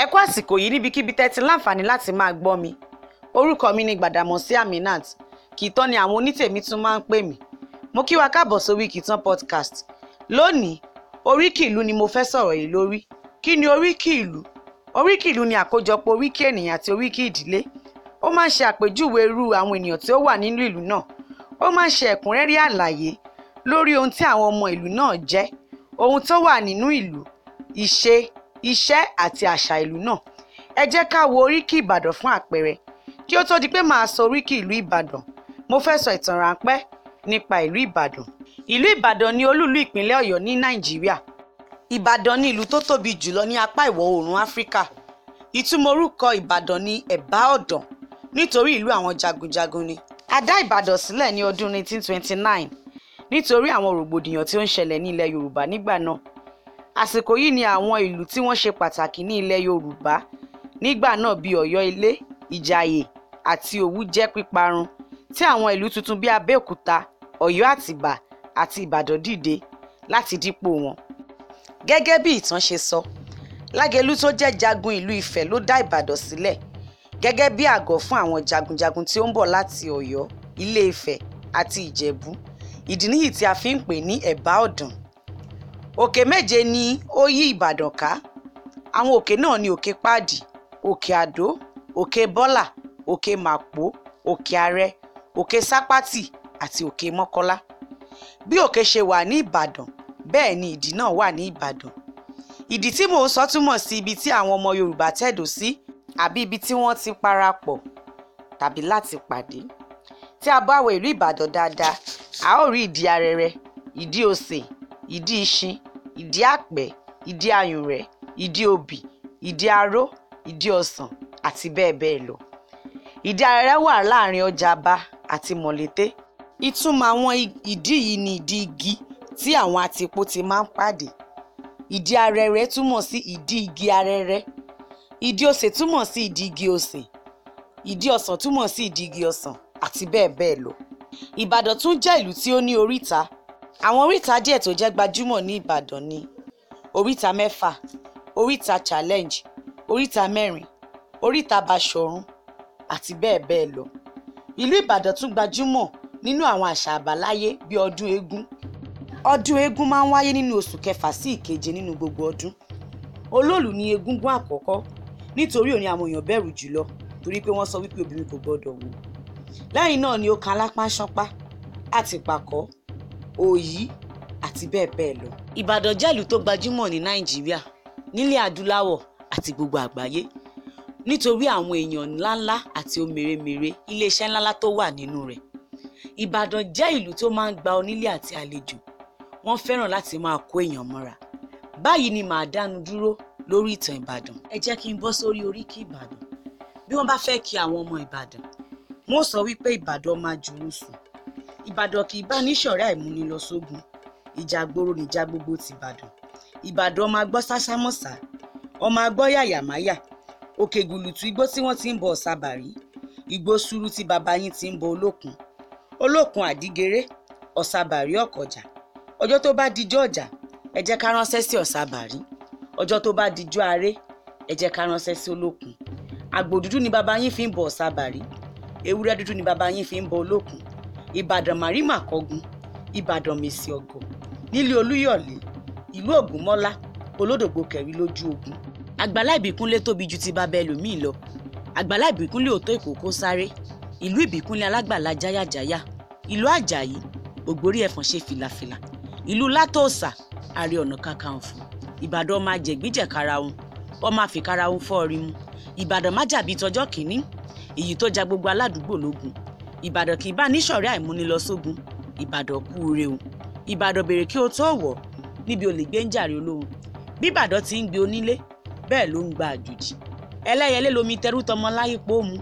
ẹ kú àsìkò yìí níbikíbi tẹ́tí láǹfààní láti máa gbọ́ mi orúkọ mi ni Gbàdàmọ́sí Aminat Kìtàn ni àwọn onítèmi tún máa ń pè mí mo kí wa káàbọ̀ sórí Kìtàn podcast lónìí oríkì ìlú ni mo fẹ́ sọ̀rọ̀ yìí lórí kí ni oríkì ìlú oríkì ìlú ni àkójọpọ̀ oríkì ènìyàn àti oríkì ìdílé ó máa ń ṣe àpèjúwe irú àwọn ènìyàn tí ó wà nínú ìlú náà ó máa ń ṣe ẹ̀kúnrẹ́rẹ́ àlàyé lórí ohun tí àwọn ọmọ ìlú náà jẹ́ ohun tó wà nínú ìlú ìṣe iṣẹ́ àti àṣà ìlú náà ẹ jẹ́ ká wo oríkì ìbàdàn fún àpẹẹrẹ kí ó tó di pé màá sọ oríkì ìlú ìbàdàn mo fẹ́ sọ ìtàn ráńpẹ́ nípa ìlú ìbàdàn ìlú ìbàdàn ni olúìlú ìpínlẹ̀ ọ̀yọ́ ní nàìjíríà ìbàdàn ni ìlú tó tóbi jùlọ ní apá ìwọ̀ oòrùn áfíríkà ìtumọ̀ orúkọ ìbàdàn ni ẹ̀bá ọ̀dàn nítorí ìlú àwọn jagunjagun ni a dá ìbàdàn sílẹ̀ ní ọdún 1929 nítorí àwọn rògbòdìyàn tí ó ń ṣẹlẹ̀ ní ilẹ̀ yorùbá nígbà náà àsìkò yìí ni àwọn ìlú tí wọ́n ṣe pàtàkì ní ilẹ̀ yorùbá nígbà náà bíi ọ̀yọ́ ilé ìjàyè àti òwu jẹ́ píparun tí àwọn ìlú tuntun bíi abẹ́òkúta ọ̀yọ́ àtìbà àti ìbàdàn dìde láti dípò wọn. gẹ́gẹ́ bí ìtàn ṣe sọ lágẹ̀lú tó jẹ́ jagun ìlú ifẹ̀ ló dá ìbàdàn sílẹ̀ gẹ́gẹ́ bí àgọ́ fún àwọn jagunjagun tí ó ń bọ̀ láti ọ̀yọ́ ilé ifẹ̀ àti ìjẹ̀bú ìdí nìyí tí a fi ń pè ní ẹ̀bá ọ̀dàn òkè méje ni ó yí ìbàdàn ká àwọn òkè náà ni òkè páàdì òkè àdó òkè bọ́là òkè màpó òkè àrẹ òkè sápátì àti òkè mọ́kọ́lá bí òkè ṣe wà ní ìbàdàn bẹ́ẹ̀ ni ìdí náà wà ní ìbàdàn ìdí tí mò ń sọ túmọ̀ sí ibi tí àwọn ọmọ yorùbá tẹ̀dó sí àbí ibi tí wọ́n ti parapọ̀ tàbí láti pàdé tí a bá wọ ìlú ìbàdàn dáadáa a ó rí ìdí arẹrẹ ìdí osè ìdí iṣin ìdí àpẹ́ ìdí àyùnrẹ̀ ìdí obì ìdí aró ìdí ọsàn àti bẹ́ẹ̀ bẹ́ẹ̀ lọ. ìdí arẹrẹ wà láàrin ọjà aba àti mọ̀lété ìtumọ̀ àwọn ìdí yìí ni ìdí igi tí àwọn àtìpó ti máa ń pàdé ìdí arẹrẹ túmọ̀ sí ìdí igi arẹrẹ ìdí osè túmọ̀ sí ìdí igi osè ìdí ọsàn túmọ̀ sí ìdí igi ọsàn àti bẹ́ẹ̀ bẹ́ẹ̀ lọ. Ìbàdàn tún jẹ́ ìlú tí ó ní oríta àwọn oríta díẹ̀ tó jẹ́ gbajúmọ̀ ní ìbàdàn ni oríta mẹ́fà oríta challenge oríta mẹ́rin oríta basọ̀run àti bẹ́ẹ̀ bẹ́ẹ̀ lọ ìlú ìbàdàn tún gbajúmọ̀ nínú àwọn àṣà àbáláyé bíi ọdún eégún ọdún eégún máa ń wáyé nínú oṣù kẹfà sí ìkeje nínú gbogbo ọdún olóòlù ni egúngún àkọ́kọ́ nítorí òní àwọn èèyàn bẹ̀rù jùlọ torí pé wọ́n sọ wípé obìnrin kò gbọ́dọ̀ wò lẹ́yìn náà ni ó kan alápánṣánpá àtìpàkọ́ òyì àti bẹ́ẹ̀ bẹ́ẹ̀ lọ. ìbàdàn jẹ́lù tó gbajúmọ̀ ní nàìjíríà nílẹ̀ adúláwọ̀ àti gbogbo àgbáyé nítorí àwọn èèyàn ńláńlá àti omèremère iléeṣẹ́ ńláńlá tó wà nínú rẹ̀ ìbàdàn jẹ́ ìlú tó máa ń gba onílé àti àlejò wọ́n fẹ́ràn láti máa kó èèyàn mọ́ra báyìí ni màá dánu dúró lórí ìtàn ìbàdàn ẹ jẹ́ kí n bọ́ sórí oríkì ìbàdàn bí wọ́n bá fẹ́ kí àwọn ọmọ ìbàdàn wọ́n sọ wípé ìbàdàn máa jùrù sùn ìbàdàn kì í bá níṣọ̀rẹ́ àìmúni lọ sógun ìjà gbòòrò níjà gbogbo tìbàdàn ìbàdàn ọmọ agbọ́ sáṣámọ́sá ọmọ agbọ́ yàyàmáyà òkè gùlùtù igbó tí wọ́n ti ń bọ ọ̀sàbàrí igbó sùúrù tí bàbá yín ti ń bọ olókun olókun àdígéré ọ̀sàbàrí ọ̀kọ̀jà ọjọ́ tó bá dijọ́ ọjà ẹ jẹ́ ká ránṣẹ́ sí ọ̀sàbàrí ọjọ́ tó bá dijọ́ aré ẹ jẹ́ ká ránṣẹ́ sí olókun àgbò dúdú ni bàbá yín fi ń bọ ọ̀sàbàrí ewúrẹ́ dúdú ni bàbá yín fi ń bọ olókun ìbàdàn marima kọgun ìbàdàn mèsì ọgọ nílé olúyọ̀lé ìlú ògúnmọ́lá olódògbò kẹrí lójú ogun àgbàlá ìbíkúnlé tóbi ju ti bàbá ẹlòmíín lọ àgbàlá ìbíkúnlé òótọ́ ìkókó sáré ìlú ìbíkúnlé alágbàlá jáyàjáyà ìlú àjàyí ògbórí ẹ̀fọ̀n ṣe fìlàfìlà ìlú látòsà ààrẹ ọ̀nà kakanfò ìbàdàn ọmọ àjẹgbíjẹ̀kara òun ọmọ àfikara òun fọ́ọ̀rí mu ìbàdàn májàbí tọjọ́ kìíní èyí tó ja gbogbo aládùúgbò lógun ìbàdàn kì í bá níṣọ̀rẹ́ àìmúnilọ́sógun ìbàdàn kú ure o ìbàdàn bèrè kí o tó wọ̀ níbi olè gbé ń jàre olóhùn bíbàdàn ti ń gbé onílé bẹ́ẹ̀ ló ń gba àjòjì ẹlẹ́yẹlé lomi tẹrú tọmọ láyé pòómu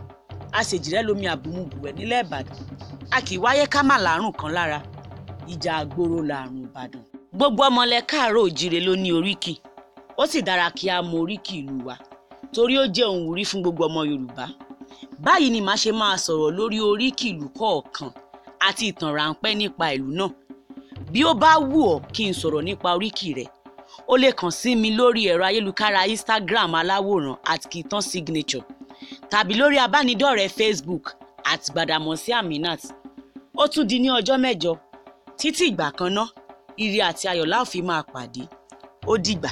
àṣejìrẹ́ lomi àbùmùbùwẹ̀ nílẹ̀ ìbàdàn a kì í wáyé ká má làárùn kan lára ìjà àgbòrò làárùn ìbàdàn gbogbo ọmọlẹ káàárọ̀ òjire ló ní oríkì ó sì dára kí a mọ oríkì ìlú wa torí ó jẹ́ òǹwúrí fún gbogbo ọmọ yorùbá báyìí ni màá ṣe máa sọ̀rọ̀ lórí oríkìlú kọ̀ọ̀kan àti ìtàn ráńpẹ́ nípa ìlú náà bí ó bá wù ọ́ kí n sọ̀rọ̀ nípa oríkì rẹ̀ o lè kàn sí mi lórí ẹ̀rọ ayélujára instagram aláwòrán at Kitan signature tàbí lórí abánidọ́rẹ̀ẹ́ facebook at Gbàdàmọ́sí Aminat ó tún di ní ọjọ́ mẹ́jọ títí ìgbà kan náà ire àti ayọ̀ la ó fi máa pàdé ó dìgbà.